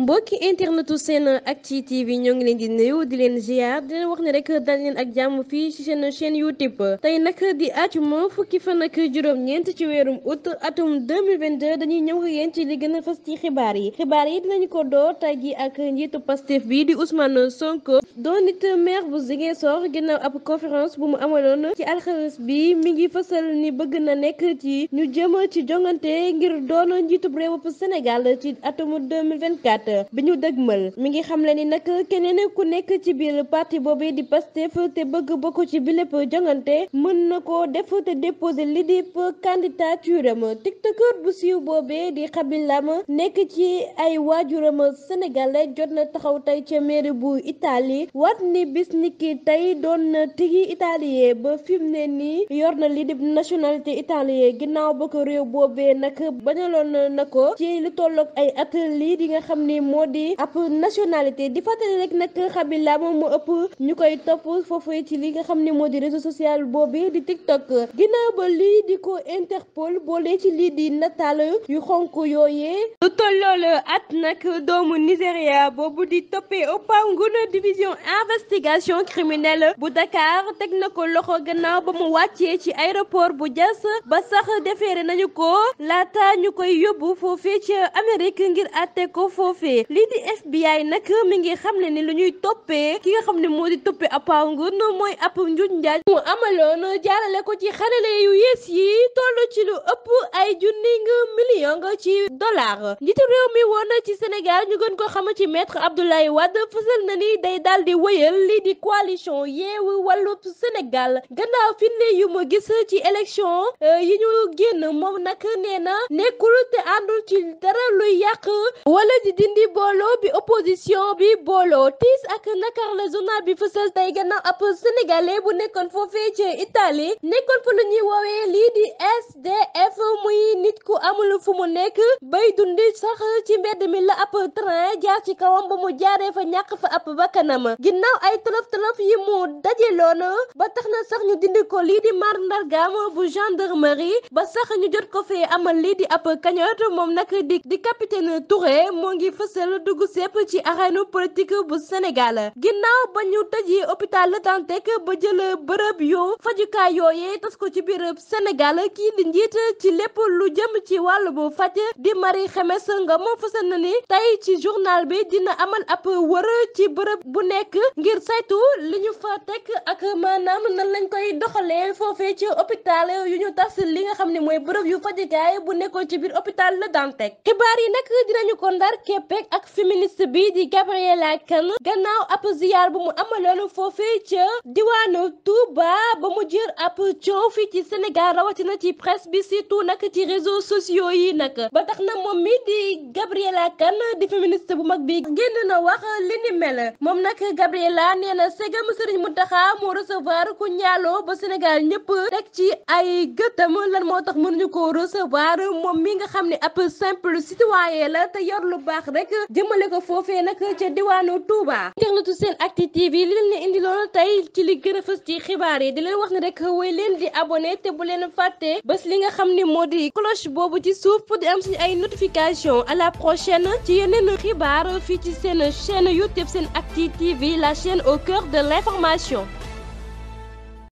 mbokki internetu seen acti tv ñoo ngi leen di nuyu di leen ziar di leen wax ne rek dal leen ak jàmm fii ci seen chaîne youtube tey nag di àjjuma fukki fan ak juróom-ñeent ci weerum août atum 2022 dañuy ñëw ak yéen ci li gën a ci xibaar yi xibaar yi dinañu ko door tey ji ak njiitu pastef bi di Ousmane sonk doon it maire bu Ziguinchor ginnaaw ab conférence bu mu amaloon ci alxames bi mi ngi fësal ni bëgg na nekk ci ñu jëm ci jongante ngir doon njiitub réewub Sénégal ci atum 2024 bi ñu dëgmal mi ngi xam le ni nag keneen ku nekk ci biir parti boobu di Pastef te bëgg bokk ci bi lépp jongante mën na ko def te déposer li di candidature am tiktokeur bu siiw boobee di Khaby ma nekk ci ay waajuram sénégalais jot na taxaw tey ca mairie bu Italie waat ni bis ni ki doon na tigi italien ba fi mu ne nii yor na li di nationalité italien ginnaaw ba ko réew boobee nag bañaloon na ko ci lu tolloog ay at lii di xam ni ni moo di ab nationalité di fàttali rek nag Xabila moom ëpp ñu koy topp foofu ci li nga xam ni moo di réseau social boobu di TikTok ginnaaw ba lii di ko Interpol boole ci lii di nataal yu xonk yooyee lu tollool at nag doomu Nigéria boobu di toppee Opanguna division investigation criminelle bu Dakar teg na ko loxo gannaaw ba mu wàccee ci aéroport bu Diass ba sax defeere nañu ko laata ñu koy yóbbu foofee ci Amérique ngir àtte ko foofee boobee lii di FBI nag mi ngi xam ne ni lu ñuy toppee ki nga xam ne moo di toppee Apha Ngoune mooy ab njuuj njaaj mu amaloon jaarale ko ci xarale yu yees yi toll ci lu ëpp ay junni nga million nga ci dollar njiitu réew mi woon ci Sénégal ñu gën ko xam ci maître Abdoulaye Wade fësal na ni day daal di wëyal lii di coalition yeewu wàllu Sénégal gannaaw finne yu mu gis ci élection euh, yi ñu génn moom nag nee na nekkul te àndul ci dara luy yàq wala di dindi di booloo bi opposition bi booloo tiis ak nakar la journal bi fësal tey gannaaw ab sénégalais bu nekkoon foofee ci Italie nekkoon fa lu ñuy woowee lii di SDF muy nit ku amul fu mu nekk bay dundi sax ci mbedd mi la ab train jaar ci kawam ba mu jaaree fa ñàkk fa ab bakkanam ginnaaw ay tolof tolof yi mu dajeloon ba tax na sax ñu dindi ko lii di mandargaam bu gendarmerie ba sax ñu jot ko fee amal lii di ab cagnotte moom nag di di capitaine Touré moo fësal dugg sépp ci arène politique bu Sénégal ginnaaw ba ñu tëji hôpital Le Dantec ba jël bërëb yoo fajukaay yooyee tas ko ci biir Sénégal kii di njiit ci lépp lu jëm ci wàll bu faj di Marie nga Ngom fësal na ni tey ci journal bi dina amal ab wër ci bërëb bu nekk ngir saytu li ñu fa teg ak maanaam nan lañ koy doxalee foofee ci hôpital yu ñu tas li nga xam ne mooy bërëb yu fajukaay bu nekkoon ci biir hôpital Le Dantec xibaar yi nag dinañu ko ndar képp Beck ak féministe bi di Gabriella Kane gannaaw ab ziar bu mu amaloon foofee ca diwaanu Touba ba mu jër ab coow fii ci Sénégal rawatina ci presse bi surtout nag ci réseaux sociaux yi nag ba tax na moom mi di Gabriella Kane di féministe bu mag bi génn na wax li ni moom nag Gabriella nee na segam Serigne Mountakha moo recevoir ku njaaloo ba Sénégal ñëpp teg ci ay gëtam lan moo tax mënuñu ko recevoir moom mi nga xam ne ab simple citoyen la te yor lu baax rek rek jëmale ko foofee nag ca diwaanu Touba internetu seen acti TV li leen indi loolu tey ci li gën a fës ci xibaar yi di leen wax ne rek woy leen di abonné te bu leen fàtte bés li nga xam ni moo di cloche boobu ci suuf di am suñu ay notification à la prochaine ci yeneen xibaar fii ci seen chaîne YouTube seen acti TV la chaîne au cœur de l'information